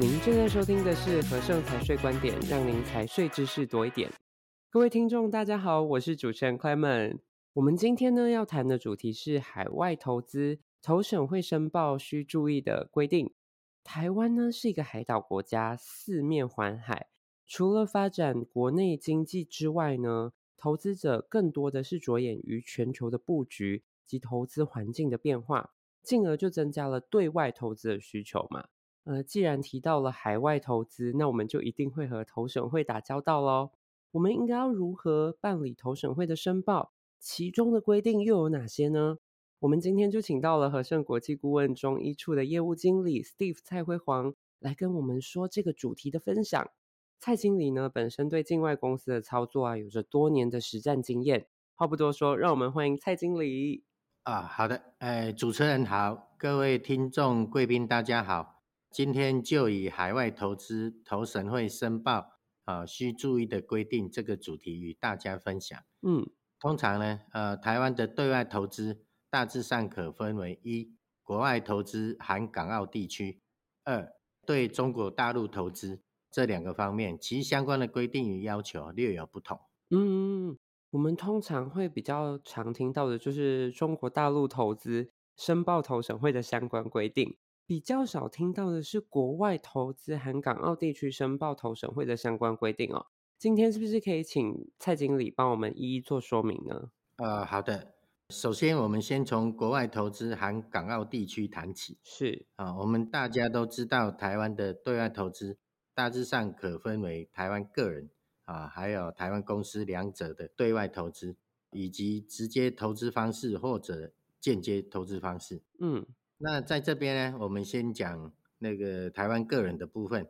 您正在收聽的是和盛財稅觀點，讓您財稅知識多一點。各位聽眾，大家好，我是主持人 Clement。我們今天呢要談的主題是海外投資，投審會申報須注意的規定。台灣呢是一個海島國家，四面環海，除了發展國內經濟之外呢，投資者更多的是着眼於全球的布局及投資環境的變化，進而就增加了對外投資的需求嘛。呃，既然提到了海外投資，那我們就一定會和投審會打交道嘍。我們應該要如何辦理投審會的申報？其中的規定又有哪些呢？我們今天就請到了荷盛國際顧問中一處的業務經理 Steve 蔡輝煌來跟我們說這個主題的分享。蔡經理呢，本身對境外公司的操作啊，有着多年的實戰經驗。話不多說，讓我們歡迎蔡經理。啊，好的，哎、呃，主持人好，各位聽眾貴賓，大家好。今天就以海外投資投審會申報啊、呃、需注意的規定這個主題與大家分享。嗯，通常呢，呃，台灣的對外投資大致上可分為一國外投資含港澳地區，二對中國大陸投資，這兩個方面，其相關的規定與要求略有不同。嗯，我們通常會比較常聽到的就是中國大陸投資申報投審會的相關規定。比較少聽到的是國外投資含港澳地區申報投審會的相關規定哦。今天是不是可以請蔡經理幫我們一一做說明呢？呃，好的。首先，我們先從國外投資含港澳地區談起。是啊，我們大家都知道，台灣的對外投資大致上可分為台灣個人啊，還有台灣公司兩者的對外投資，以及直接投資方式或者間接投資方式。嗯。那在這邊呢，我們先講那個台灣個人的部分。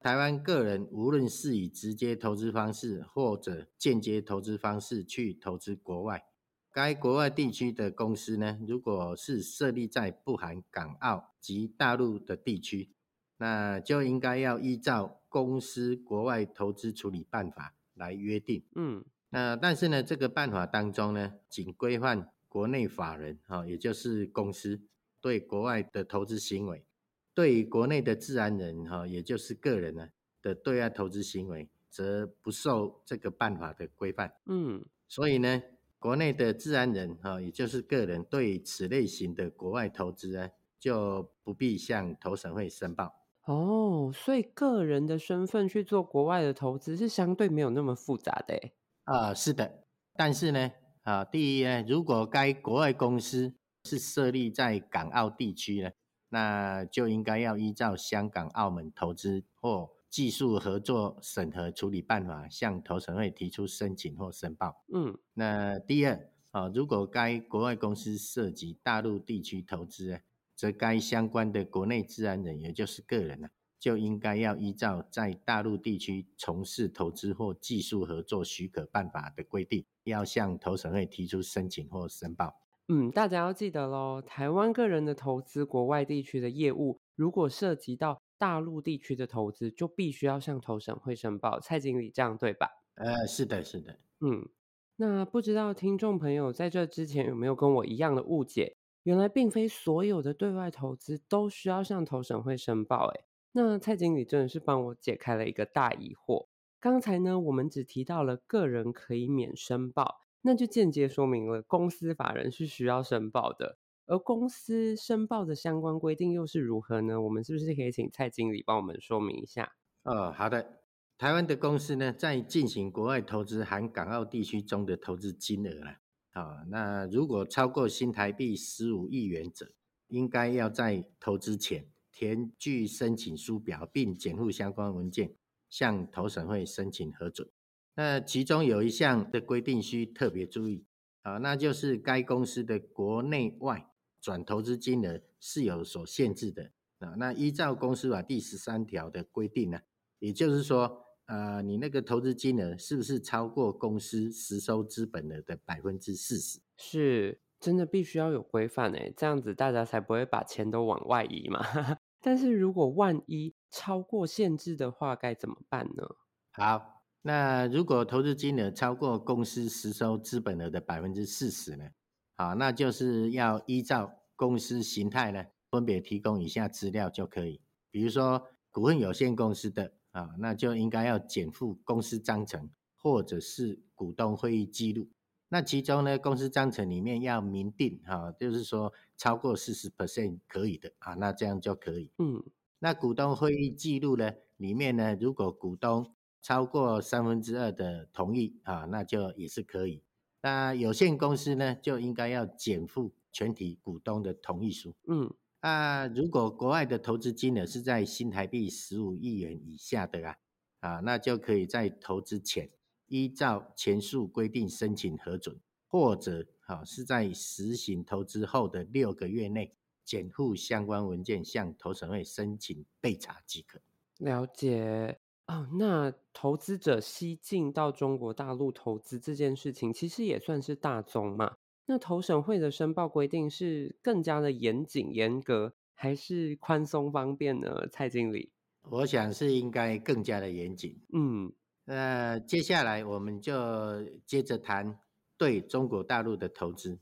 台灣個人無論是以直接投資方式或者間接投資方式去投資國外，該國外地區的公司呢，如果是設立在不含港澳及大陸的地區，那就應該要依照《公司國外投資處理辦法》來約定。嗯，那但是呢，這個辦法當中呢，僅規範國內法人，哈，也就是公司。對國外的投資行為，對於國內的自然人哈、哦，也就是個人呢、啊、的對外投資行為，則不受這個辦法的規範。嗯，所以呢，國內的自然人哈、哦，也就是個人對此類型的國外投資呢、啊，就不必向投審會申報。哦，所以個人的身份去做國外的投資是相對沒有那麼複雜的。啊、呃，是的，但是呢，啊、哦，第一呢，如果該國外公司。是設立在港澳地區呢，那就應該要依照《香港澳門投資或技術合作審核處理辦法》向投審會提出申請或申報。嗯，那第二，啊，如果該國外公司涉及大陸地區投資啊，則該相關的國內自然人，也就是個人呢，啊，就應該要依照在大陸地區從事投資或技術合作許可辦法的規定，要向投審會提出申請或申報。嗯，大家要記得嘍，台灣個人的投資國外地區的業務，如果涉及到大陸地區的投資，就必須要向投審會申報。蔡經理這樣對吧？呃，是的，是的。嗯，那不知道聽眾朋友在這之前有沒有跟我一樣的誤解？原來並非所有的對外投資都需要向投審會申報。欸。哎，那蔡經理真的是幫我解開了一個大疑惑。剛才呢，我們只提到了個人可以免申報。那就間接說明了公司法人是需要申報的，而公司申報的相關規定又是如何呢？我們是不是可以請蔡經理幫我們說明一下？哦，好的。台灣的公司呢，在進行國外投資，含港澳地區中的投資金額了。啊、哦，那如果超過新台幣十五億元者，應該要在投資前填具申請書表，並檢附相關文件，向投審會申請核准。那其中有一項的規定需特別注意，啊，那就是該公司的國內外轉投資金額是有所限制的。啊，那依照公司法第十三條的規定呢、啊，也就是說，啊、呃、你那個投資金額是不是超過公司實收資本額的百分之四十？是，真的必須要有規範誒，這樣子大家才不會把錢都往外移嘛。 但是如果萬一超過限制的話，該怎麼辦呢？好。那如果投資金額超過公司實收資本額的百分之四十呢？啊，那就是要依照公司形態呢，分別提供以下資料就可以。比如說股份有限公司的啊，那就應該要檢附公司章程或者是股東會議記錄。那其中呢，公司章程裡面要明定啊，就是說超過四十 percent 可以的啊，那這樣就可以。嗯。那股東會議記錄呢，裡面呢，如果股東超過三分之二的同意啊，那就也是可以。那有限公司呢，就應該要檢附全體股東的同意書。嗯，啊，如果國外的投資金額是在新台幣十五億元以下的啊，啊，那就可以在投資前依照前述規定申請核准，或者啊，是在實行投資後的六個月內檢附相關文件向投審會申請備查即可。了解。哦，那投資者西進到中國大陸投資這件事情，其實也算是大宗嘛。那投審會的申報規定是更加的嚴謹嚴格，還是寬鬆方便呢？蔡經理，我想是應該更加的嚴謹。嗯，那接下來我們就接着談對中國大陸的投資。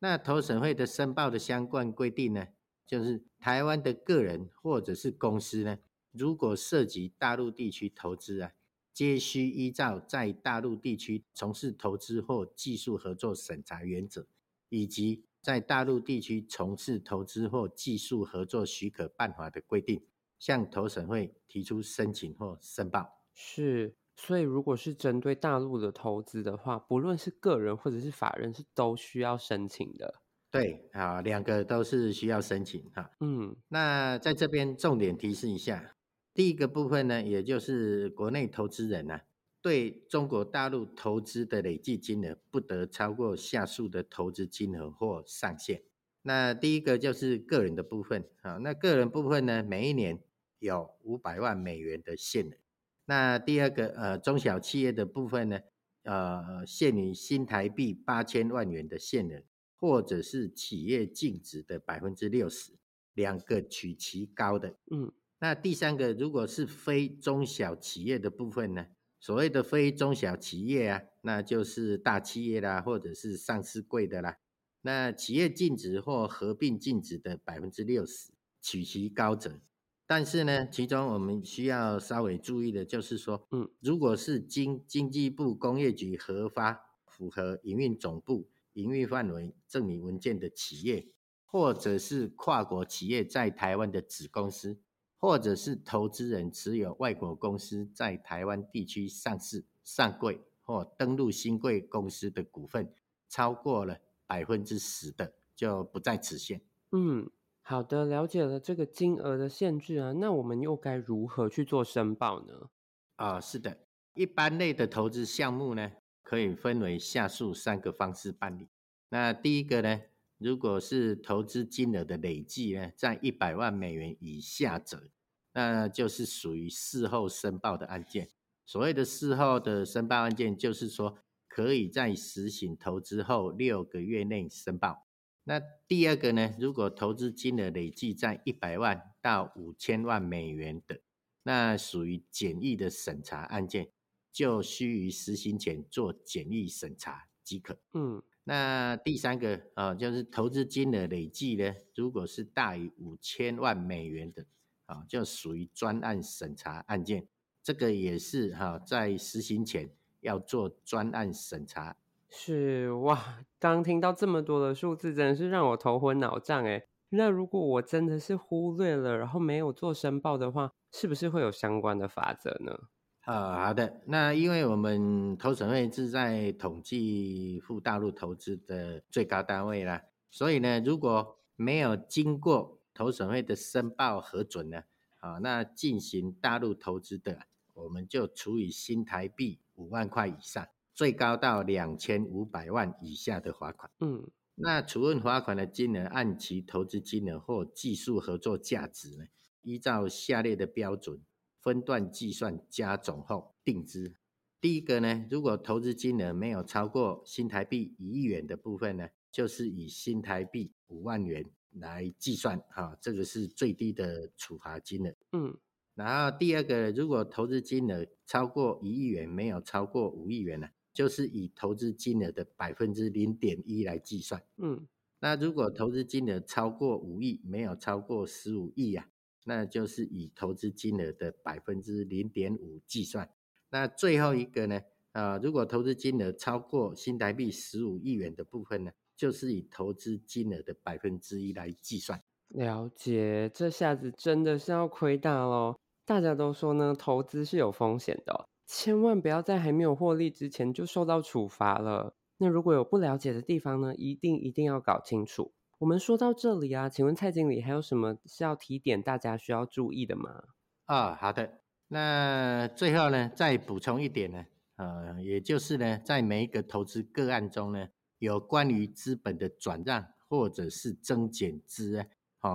那投審會的申報的相關規定呢，就是台灣的個人或者是公司呢，如果涉及大陸地區投資啊，皆需依照在大陸地區從事投資或技術合作審查原則，以及在大陸地區從事投資或技術合作許可辦法的規定，向投審會提出申請或申報。是，所以如果是針對大陸的投資的話，不論是個人或者是法人，是都需要申請的。對啊，兩個都是需要申請哈。嗯，那在這邊重點提示一下。第一個部分呢，也就是國內投資人啊，對中國大陸投資的累計金額不得超過下述的投資金額或上限。那第一個就是個人的部分啊，那個人部分呢，每一年有五百萬美元的限額。那第二個呃，中小企業的部分呢，呃，限於新台幣八千萬元的限額，或者是企業淨值的百分之六十，兩個取其高的。嗯。那第三個，如果是非中小企業的部分呢？所謂的非中小企業啊，那就是大企業啦，或者是上市櫃的啦。那企業淨值或合併淨值的百分之六十，取其高者。但是呢，其中我們需要稍微注意的就是說，嗯，如果是經經濟部工業局核發符合營運總部營運範圍證明文件的企業，或者是跨國企業在台灣的子公司。或者是投資人持有外國公司在台灣地區上市、上櫃或登錄興櫃公司的股份，超過了百分之十的，就不在此限。嗯，好的，了解了這個金額的限制啊。那我們又該如何去做申報呢？啊、哦，是的，一般類的投資項目呢，可以分為下述三個方式辦理。那第一個呢，如果是投資金額的累計呢，在一百萬美元以下者。那就是屬於事後申報的案件。所謂的事後的申報案件，就是說可以在實行投資後六個月內申報。那第二個呢，如果投資金額累計在一百萬到五千萬美元的，那屬於簡易的審查案件，就須於實行前做簡易審查即可。嗯。那第三個啊，就是投資金額累計呢，如果是大於五千萬美元的，啊、哦，就屬於專案審查案件，這個也是哈、哦，在實行前要做專案審查。是哇，當聽到這麼多的數字，真的是讓我頭昏腦脹誒。那如果我真的是忽略了，然後沒有做申報的話，是不是會有相關的法則呢？呃、哦，好的，那因為我們投審會是在統計赴大陸投資的最高單位啦，所以呢，如果沒有經過。投審會的申報核准呢？好、啊，那進行大陸投資的，我們就處以新台幣五萬塊以上，最高到兩千五百萬以下的罰款。嗯，那處分罰款的金額，按其投資金額或技術合作價值呢，依照下列的標準分段計算加總後定之。第一個呢，如果投資金額沒有超過新台幣一億元的部分呢，就是以新台幣五萬元來計算哈、啊，這個是最低的處罰金額。嗯，然後第二個，如果投資金額超過一億元，沒有超過五億元呢、啊，就是以投資金額的百分之零點一來計算。嗯，那如果投資金額超過五億，沒有超過十五億啊，那就是以投資金額的百分之零點五計算。那最後一個呢，啊、呃，如果投資金額超過新台幣十五億元的部分呢？就是以投資金額的百分之一來計算。了解，這下子真的是要虧大了。大家都說呢，投資是有風險的，千萬不要在還沒有獲利之前就受到處罰了。那如果有不了解的地方呢，一定一定要搞清楚。我們說到這裡啊，請問蔡經理還有什麼需要提點大家需要注意的嗎？啊、哦，好的。那最後呢，再補充一點呢，呃，也就是呢，在每一個投資個案中呢，有關於資本的轉讓，或者是增減資，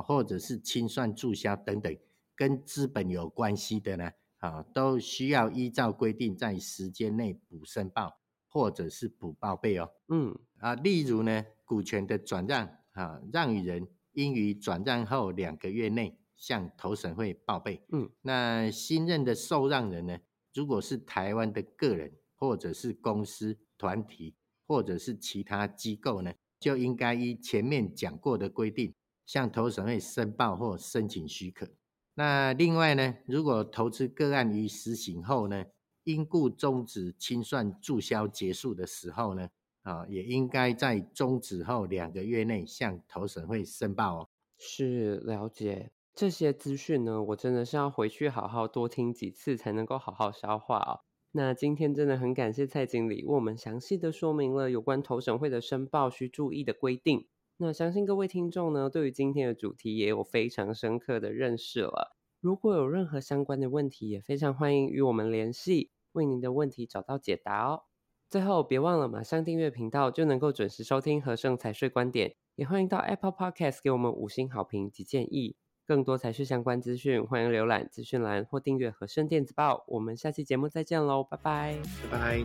或者是清算註銷等等，跟資本有關係的呢，啊，都需要依照規定在時間內補申報，或者是補報備哦。嗯，啊，例如呢，股權的轉讓，啊，讓與人應於轉讓後兩個月內向投審會報備。嗯，那新任的受讓人呢，如果是台灣的個人或者是公司團體。或者是其他機構呢，就應該依前面講過的規定，向投審會申報或申請許可。那另外呢，如果投資個案於實行後呢，因故終止、清算、註銷結束的時候呢，啊，也應該在終止後兩個月內向投審會申報哦。是，了解。這些資訊呢，我真的是要回去好好多聽幾次，才能夠好好消化啊。那今天真的很感謝蔡經理為我們詳細的說明了有關投審會的申報需注意的規定。那相信各位聽眾呢，對於今天的主題也有非常深刻的認識了。如果有任何相關的問題，也非常歡迎與我們聯繫，為您的問題找到解答哦。最後，別忘了馬上訂閱頻道，就能夠準時收聽荷盛財稅觀點。也歡迎到 Apple Podcast 給我們五星好評及建議。更多財稅相關資訊，歡迎瀏覽資訊欄或訂閱荷盛電子報。我們下期節目再見嘍，拜拜，拜拜。